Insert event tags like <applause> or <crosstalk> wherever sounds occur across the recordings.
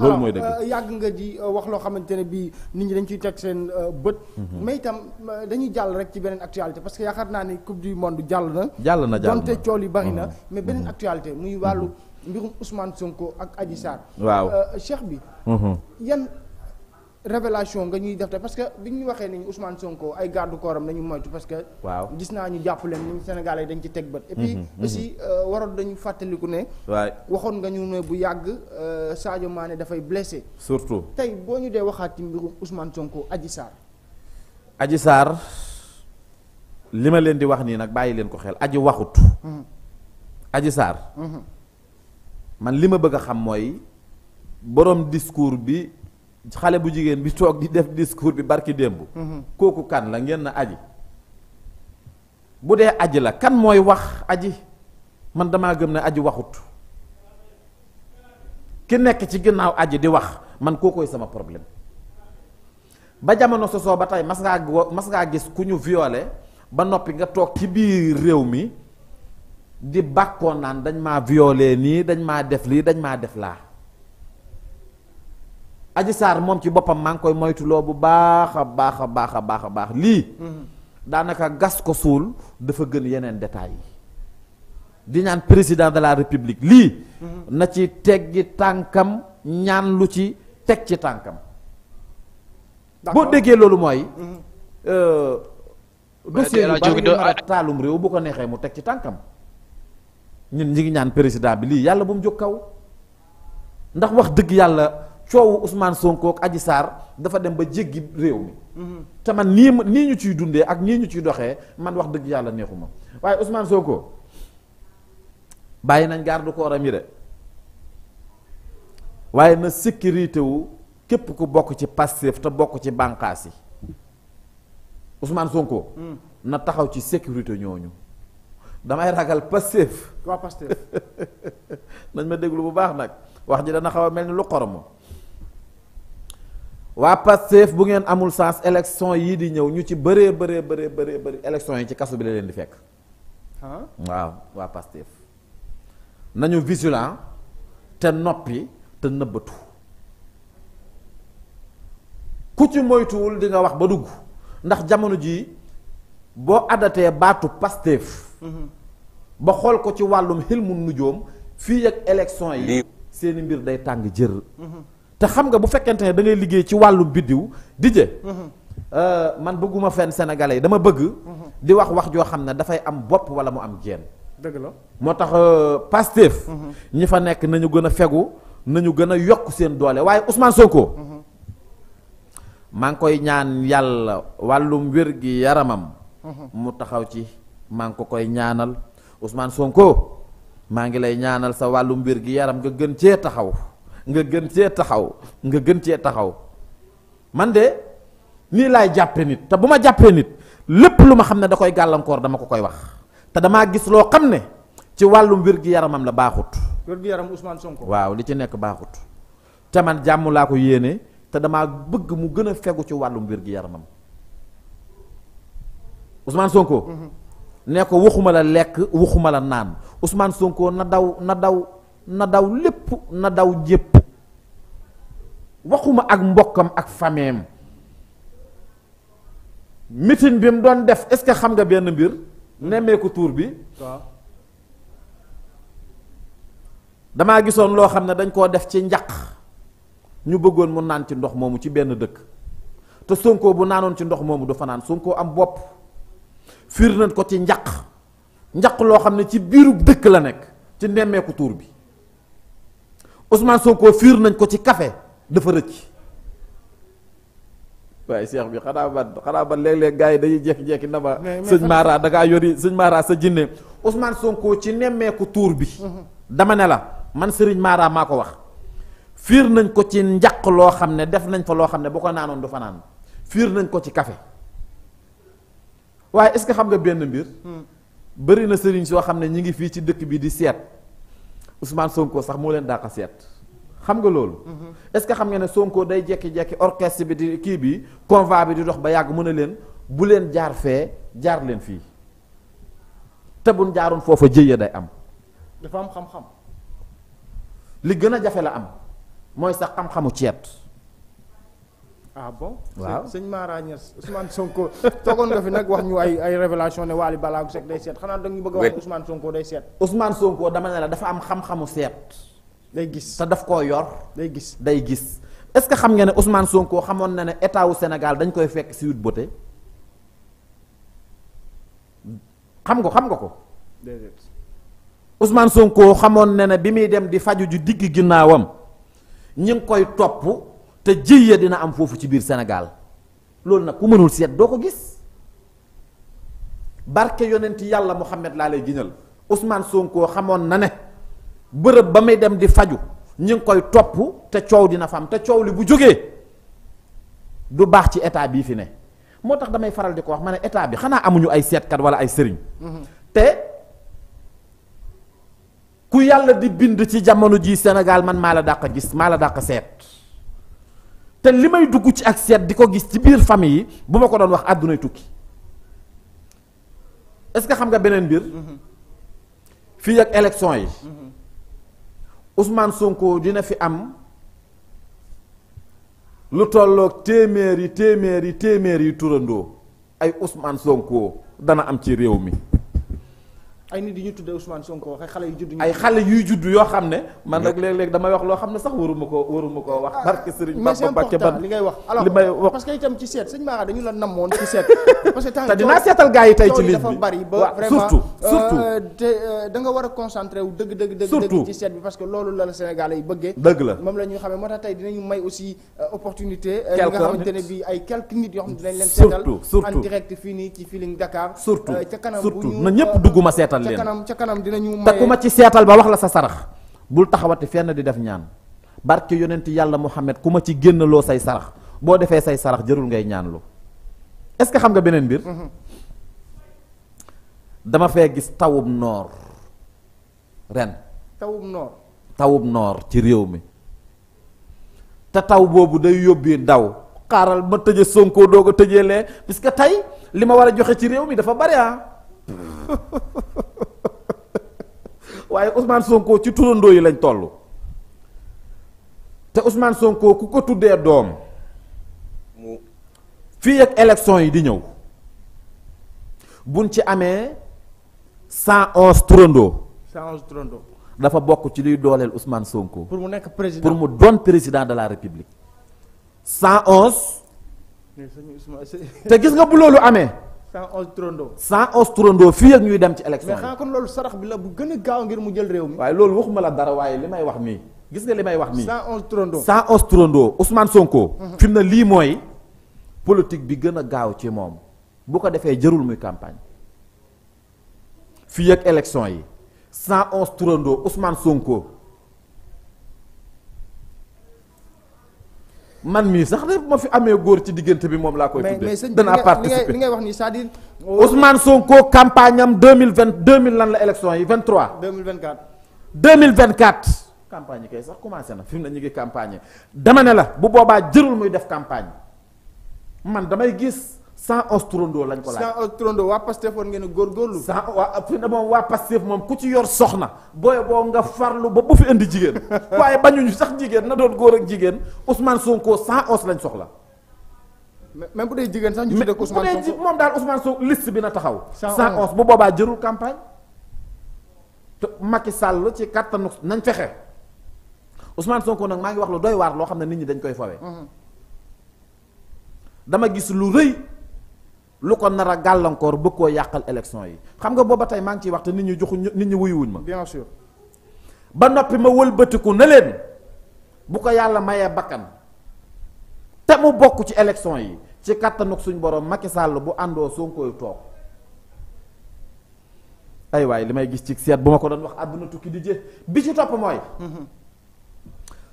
loolu mooy dëgg euh, yàgg nga di euh, wax loo xamante ne bii nit ñi dañ ciy teg seen euh, bët. Mhm. may itam dañuy jàll rek ci beneen actualité parce que yaakaar naa ne coupe du monde jàll na. jàll na jàll na donte cool yi bari na. Mhm. mais beneen mhm. actualité muy wàllu mbirum Ousmane Sonko ak Adji Sarr. waaw Cheikh bi. yan révélation nga ñuy def te parce que bi ñu waxee ni nañu usmaan Sonko ay garde corps am nañu moytu parce que. waaw gis naa ñu jàpp leen ni Sénégalais dañ ci teg bët. et puis mm-hmm. aussi euh, waroon dañu fàttaliku ne. waay waxoon nga ñu ne bu yàgg euh, Sadio Mané dafay blessé. surtout tey boo ñu dee waxaat ci usmaan Sonko Adji saar Adji Sarr li ma leen di wax nii nag bàyyi leen ko xel aji waxut. Mm-hmm. Adji Sarr. Mm-hmm. man li ma bëgg a xam mooy borom discours bi. xale bu jigéen bi toog di def discours bi barki démb mhm. kooku kan la ngeen na aji bu dee aji la kan mooy wax aji man damaa gëm ne aji waxut ki nekk ci ginnaaw aji di wax man koo koy sama problème ba jamono sosoo ba tey mas ngaa mas ngaa gis ku ñu violé ba noppi nga toog ci biir réew mi di bàkkoo naan dañ maa viole nii dañ maa def lii dañ maa def laa Adji Sarr moom ci boppam maa ngi koy moytuloo bu baax a baax a baax a baax a baax lii. daanaka gas ko suul dafa gën yeneen détails yi. di ñaan président de la république lii. na ci teggi tànkam ñaan lu ci teg ci tànkam. boo déggee loolu mooy. Mm-hmm. Euh, dossier yu bari ñu réew bu ko neexee mu teg ci tànkam. ñun ñi ngi ñaan président bi lii yàlla bu mu jóg kaw ndax wax dëgg yàlla. coow usmaan sonkook aji saar dafa dem ba jéggi réew mi. te man nii ma nii ñu ciy dundee ak nii ñu ciy doxee man wax dëgg yàlla neexu ma waaye Ousmane Sonko bàyyi nañ garde corps am yi de waaye na sécurité wu képp ku bokk ci Pastef te bokk ci bànqaas yi Ousmane Sonko. Hmm. na taxaw ci sécurité ñooñu. damay ragal Pastef. waaw <laughs> nañ ma déglu bu baax nag wax ji dana xaw a mel ni lu xoromo waa Pastef bu ngeen amul sens élection yii di ñëw ñu ci bëree bëree bëree bëree bëri élection yi ci kaso bi la leen di fekk. waaw waa Pastef nañu vigilant te noppi te nëbbatu ku ci moytuwul di wax ba dugg ndax jamono jii boo adatee baatu Pastef. Mhm. ba xool ko ci wàllum xilmu nujoom fii ak élection yi. seeni mbir day tàng jër. Mhm. te xam nga bu fekkente ne da ngay liggéey ci wàllum biddiw DJ mhm. euh, man bëgguma fenn sénégalais yi dama bëgg mhm. di wax wax joo xam ne dafay am bopp wala mu am jeen dëgg la moo tax euh, Pastef mhm. ñi fa nekk nañu gën a fegu nañu gën a yokk seen doole waaye Ousmane Sonko maa ngi koy ñaan yàlla wàllum wér gi yaramam mu taxaw ci maa ngi ko koy ñaanal usmaan Sonko maa ngi lay ñaanal sa wàllum wér gi yaram nga gën cee taxaw nga gën cee taxaw nga gën cee taxaw man de nii laay jàppe nit te bu ma jàppee nit lépp lu ma xam ne da koy gàllankoor dama ko koy wax te damaa gis loo xam ne ci wàllum wirgi gi yaramam la baaxut wér-gi-yaram Ousmane Sonko waaw li ci nekk baaxut te man jàmm laa ko yéene te damaa bëgg mu gën a fegu ci wàllum wér yaramam Ousmane Sonko. Mhm. ne ko waxuma la lekk waxuma la naan Ousmane Sonko na daw na daw na daw lépp na daw jépp waxuma ak mbokkam ak fameem mitin bi mu doon def est-ce que xam nga benn mbir nemmeeku tuur bi damaa gisoon loo xam ne dañ koo def ci njaq ñu bëggoon mu naan ci ndox moomu ci benn dëkk te sunkoo bu naanoon ci ndox moomu du fa naan am bopp fiir nañ ko ci njaq njaq loo xam ne ci biiru dëkk la nekk ci nemmeeku tuur bi Ousmane Sonko fiir nañ ko ci café dafa rëcc. waaye Cheikh bi xanaa ban xanaa ban léeg-léeg gars yi dañuy jékki-jékki na ma. sëñ Mara da yori sëñ Mara sa jinne Ousmane Sonko ci nemmeeku tuur bi. dama ne la man Serigne Mara maa ko wax. fiir nañ ko ci njaq loo xam ne def nañ fa loo xam ne bu ko naanoon du fa fiir nañ ko ci café waaye est-ce que xam nga benn mbir. Hmm. bëri na sëriñ soo xam ne ñi ngi fii ci dëkk bi di seet. Ousmane Sonko sax moo leen dàq seet xam nga loolu. Mhm. est-ce que xam nga ne Sonko day jekki-jekki orchestre bi di kii bi convoi bi di dox ba yàgg mën a leen bu leen jaar fee jaar leen fii te jaarul foofu foofa jëye day am. dafa am xam-xam. li gën a jafe la am mooy sax xam-xamu ceet. ah bon. waaw sëñ Mara Niass Ousmane Sonko <laughs> toogoon nga fi nag wax ñu ay ay révélation ne Waly Ballago Seck day seet xanaa da nga bëgg a wax Sonko day seet. Ousmane Sonko dama ne la dafa am xam-xamu seet. gis te daf koo yor. day gis day gis est-ce que xam nga ne Ousmane Sonko xamoon na ne état wu dañ koy fekk si wut bote nga xam nga ko. déedéet Sonko xamoon na ne bi muy dem di faju ju digg ginnaawam ñi ngi koy topp. te jëyya dina am foofu ci biir Sénégal loolu nag ku mënul seet doo ko gis barke yonent yàlla Muhammad laa lay giñal Ousmane Sonko xamoon na ne bërëb ba muy dem di faju ñu ngi koy topp te coow dina fa am te coow li bu jógee du baax ci état bii fi ne moo tax damay faral di ko wax ma ne état bi xanaa amuñu ay seetkat wala ay sëriñ mhm. te ku yàlla di bind ci jamono ji Sénégal man maa la dàq gis maa la dàq seet te li may dugg ci ak seet di ko gis ci biir famille yi bu ma ko doon wax àddunay tukki est-ce que xam nga beneen mbir. Mm-hmm. fii ak élection yi. Mm-hmm. Ousmane Sonko dina fi am lu tolloog téeméeri téeméeri téeméeri turandoo ay Ousmane Sonko dana am ci réew mi. ay nit yi ñu tuddee Ousmane Sonko ay xale yu judd ay xale yuy judd yoo xam ne man nag léeg-léeg damay wax loo xam ne sax waruma ko waruma koo wax ah, barke Serigne Bamba Mbacke ban li ngay wax alors li may wax parce que itam ci seet sëñ Mara dañu la namoon ci seet <laughs> parce que te dinaa seetal gars yi tey ci ligne bi dafa bari ba vraiment surtout euh, surtout te euh, da nga war a concentré wu dëgg dëgg dëgg dëgg ci seet bi parce que loolu la la Sénégalais yi bëggee dëgg la moom la ñu xamee moo tax tey dinañu may aussi euh, opportunité li nga xamante ne bi ay quelques nit yoo xam ne dinañ leen seetal en direct fii nii ci Feeling Dakar surtout ca kanam surtout na ñëpp dugguma seetal seetal leen ca kanam ca kanam dinañu maye te ku ma ci seetal ba wax la sa sarax bul taxawati fenn di def ñaan barke yonent yàlla Muhammad ku ma ci génn loo say sarax boo defee say sarax jërul ngay ñaan lu est-ce que xam nga beneen mbir. Mhm. dama fee gis tawub noor ren. tawub noor. tawub noor ci réew mi te taw boobu day yóbbee daw xaaral ma tëje sonkoo doo a tëjee lee puisque tey li ma war a joxe ci réew mi dafa bari ah. <laughs> waaye Ousmane Sonko ci turandoo yi lañ toll te Ousmane Sonko ku ko tuddee doom fii ak élection yi di ñëw buñ ci amee cent onze turandoo. cent onze dafa bokk ci liy dooleel Ousmane Sonko. pour mu nekk président pour mu doon président de la République. cent onze. te gis nga bu loolu amee. san 111 turandoo. 111 turandoo fii ak ñuy dem ci élection mais xanaa kon loolu sarax bi la bu gën a gaaw ngir mu jël réew mi. waaye loolu waxuma la dara waaye li may wax mii gis nga li may wax nii 111 turandoo 111 turandoo Ousmane Sonko. fi mu ne lii mooy politique bi gën a gaaw ci moom boo ko defee jërul muy campagne fii ak yi yi 111 turandoo Ousmane Sonko. man mii sax de ma fi amee góor ci diggante bi moom laa koy tuddee danaa participer li ngay wax nii c'est-à-dire euh, Ousmane Sonko campagne am deux mille vingt deux mille lan la élection yi vingt trois deux mille vingt quatre deux mille vingt yi kay sax commencé na fi mu ne ñu ngi campagne dama ne la bu boobaa jërul muy def campagne man damay gis cent onze turandoo lañ ko laaj. cent onze turandoo waa Pastef war ngeen a góorgóorlu. cent waa fi moom waa Pastef moom ku ci yor soxna booy boo nga farlu ba bu fi indi jigéen <laughs> waaye bañuñu sax jigéen na doon góor ak jigéen Ousmane Sonko san onze lañ soxla. même bu dee jigéen sax ñu tuddee ko Ousmane Sonko bu dee ji moom daal Ousmane Sonko liste bi na taxaw. cent onze bu boobaa jërul campagne. te Macky Sall ci kattanu nañ fexe Ousmane Sonko nag maa ngi wax lu doy waar loo xam ne nit ñi dañ koy fawe. Mm-hmm. dama gis lu rëy. lu ko nara a gàllankoor bëgg koo yàqal élection yi xam nga booba tey maa ngi ciy wax te nit ñi joxuñ nit ñi wuyuwuñ ma. bien sûr ba noppi ma wëlbatiku na leen bu ko yàlla mayee bakkan te mu bokk ci élection yi ci kattanuk suñ borom Macky sàll bu àndoo Sonko toog ay waay li may gis ci seet bu ma ko doon wax àdduna tukki di jë bi ci topp mooy.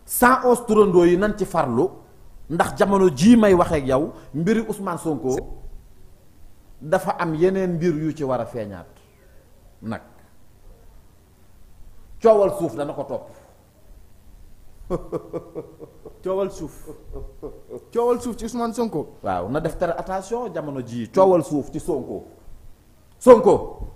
111 turandoo yi nan ci farlu ndax jamono jii may waxeek yow mbiri usmaan Sonko. dafa am yeneen mbir yu ci war a feeñaat nag coowal suuf dana ko topp <laughs> coowal suuf coowal suuf ci Ousmane Sonko. waaw na def tere attention jamono jii coowal suuf ci Sonko Sonko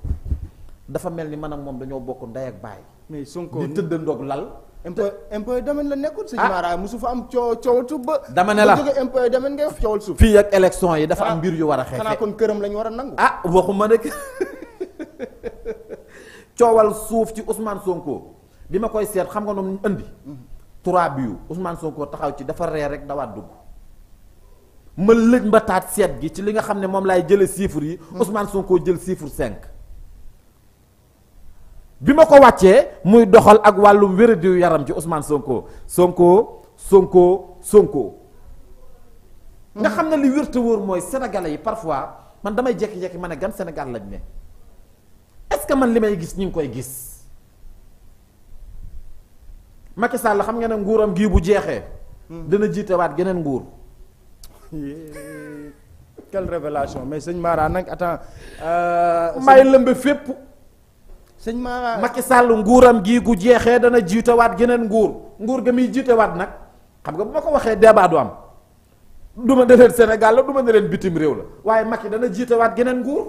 dafa mel ni man ak moom dañoo bokk ndey ak baay. mais Sonko li tëdd ndoog lal. impôt impôt domaine la nekkul sëñ Mara ah. mosu fa am coow coowal suuf ba. dama ne la ba jógee impôt domaine ngay fii ak élection yi dafa am ah. mbir yu war a xeexee xanaa kon këram lañ war a nangu. ah waxuma nag coowal suuf ci Ousmane Sonko bi ma koy seet xam nga noonu ñu andi. trois biu Ousmane Sonko taxaw ci dafa reer rek dawaat dugg. ma lëj mbataat seet gi ci li nga xam ne moom laay jëlee chiffre yi. Hmm. Ousmane Sonko jël chiffre cinq bi ma ko wàccee muy doxal ak wàllum wéradiw yaram ci Ousmane Sonko Sonko Sonko Sonko. nga xam ne li wér wóor mooy sénégalais yi parfois man damay jékki-jékki ma ne gan Sénégal lañ ne est-ce que man li may gis ñu ngi koy gis. Macky Sall xam nga ne nguuram gii bu jeexee. Hmm. dana jiite waat geneen nguur. quelle révélation mais sëñ Mara nag attends. Euh, may lëmbe fépp. sëñ Mara Macky Sall nguuram gi gu jeexee dana jiitewaat geneen nguur nguur ga muy jiitewaat nag xam nga bu ma ko waxee débat am duma ma ne la du ma ne bitim réew la waaye Macky dana jiitewaat geneen nguur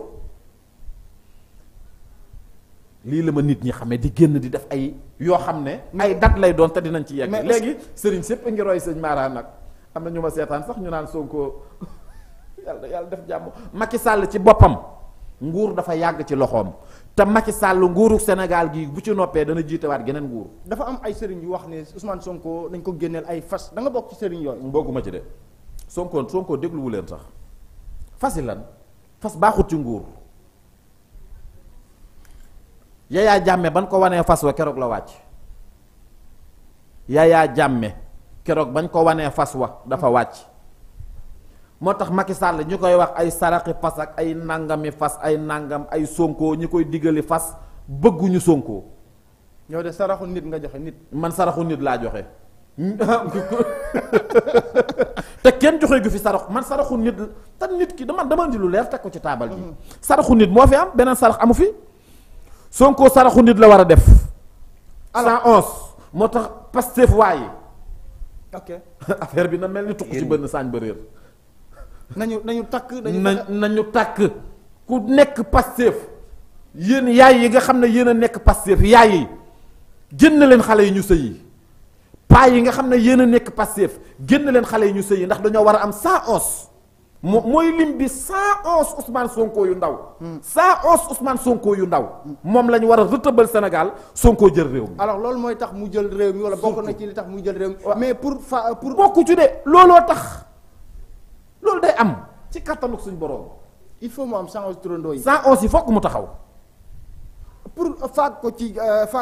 lii la ma nit ñi xamee di génn di def ay yoo xam ne ay dat lay doon te dinañ ci yegg. mais léegi sëriñ sépp ngi roy sëñ Mara nag am na ñu ma seetaan sax ñu naan Sonko <laughs> yàlla yàlla def jàmm Macky sàll ci boppam. nguur dafa yàgg ci loxoom te Macky Sall nguuru Sénégal gi bu ci noppee dana jiitewaat geneen nguur. dafa am ay sëriñ yu wax ne Ousmane sonkoo dañ ko génneel ay fas danga nga bokk ci sëriñ yooyu. bokkuma ci de sonkoo sonkoo dégluwu leen sax fas yi lan fas baaxut ci nguur Yaya Jammeh ban ko wanee fas wa keroog la wàcc Yaya jàmme keroog bañ ko wanee fas wa dafa wàcc. moo tax Macky Sall ñu koy wax ay saraxi fas ak ay nangami fas ay nangam ay Sonko ñi koy diggali fas bëgguñu Sonko. ñoo de saraxu nit nga joxe nit. man saraxu nit laa joxe. <laughs> te kenn joxe gu fi sarax man saraxu nit te nit ki dama dama di lu leer teg ko ci taabal ji. Mhm. saraxu nit moo fi am beneen sarax amu fi. Sonko saraxu nit la war a def. alors 111 moo tax Pastef waaye. ok <laughs> bi na mel ni tuq ci benn saañ ba réer. nañu nañu takk nañu takk ku nekk Pastef yéen yaay yi nga xam ne yéen a nekk Pastef yaay yi génn leen xale yi ñu sëyi paa yi nga xam ne yéen a nekk Pastef génn leen xale yi ñu sëy yi ndax dañoo war a am 111 moo mooy lim bi saa 111 Ousmane Sonko yu ndaw. Hmm. saa 111 Ousmane Sonko yu ndaw. moom la ñu war a rëtëbal Sénégal Sonko jël réew mi. alors loolu mooy tax mu jël réew mi. wala bokk na ci li tax mu jël réew mi. mais pour fa pour. bokku ci de looloo tax. loolu day am ci kattanu suñ borom. il faut mu am 111 turandoo yi. 111 yi fokk mu taxaw. pour faag ko ci euh, fa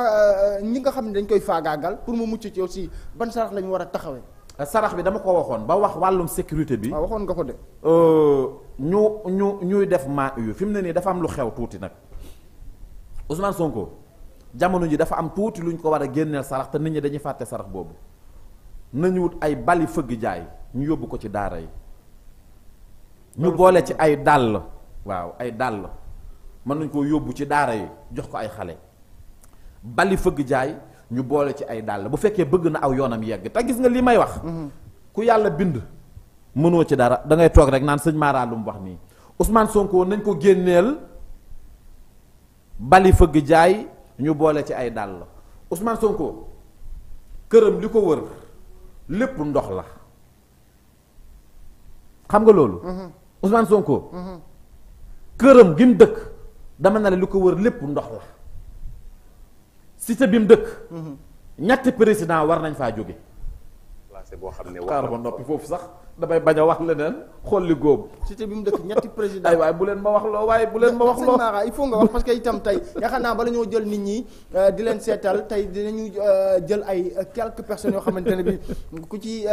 euh, ñi nga xam ne dañ koy faagaagal pour mu mucc ci aussi ban sarax la war a taxawee. Euh, sarax bi dama ko waxoon ba wax wàllum sécurité bi. Ah, waxoon nga ko de. ñu ñu ñuy def maa yu fi mu ne nii dafa am lu xew tuuti nag Ousmane Sonko jamono ji dafa am tuuti lu ñu ko war a génneel sarax te nit ñi dañuy fàtte sarax boobu nañu wut ay bali fëgg jaay ñu yóbbu ko ci daara yi. ñu boole ci ay dàll waaw ay dàll mën nañ koo yóbbu ci daara yi jox ko ay xale bali fëgg jaay ñu boole ci ay dàll bu fekkee bëgg na aw yoonam yegg te gis nga lii may wax mhm. ku yàlla bind mënoo ci dara dangay toog rek naan sëñ Mara lu mu wax nii Ousmane Sonko nañ ko génneel bali fëgg jaay ñu boole ci ay dàll Ousmane Sonko këram li ko wër lépp ndox la xam nga loolu mhm. Ousmane Sonko. këram gi mu dëkk dama ne la li ko wër lépp ndox la cité bi mu dëkk. ñetti président war nañ faa jóge placé boo xam ne xaaral ma noppi foofu sax damay bañ a wax leneen xool li góob. bi mu dëkk ñetti président ay waaye bu leen ma wax loo waaye bu leen ma wax loo Mara il faut nga wax parce que itam tey yaakaar naa bala ñoo jël nit ñi euh, di leen seetal tey dinañu euh, jël ay euh, quelques personnes yoo xamante ne bi ku ci.